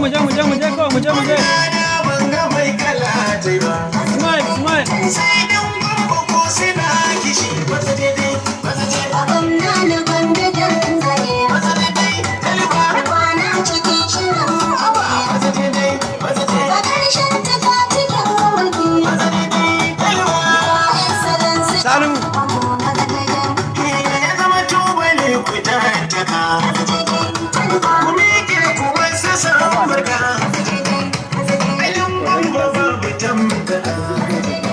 muje muje muje ko muje muje ku ta hantaka ku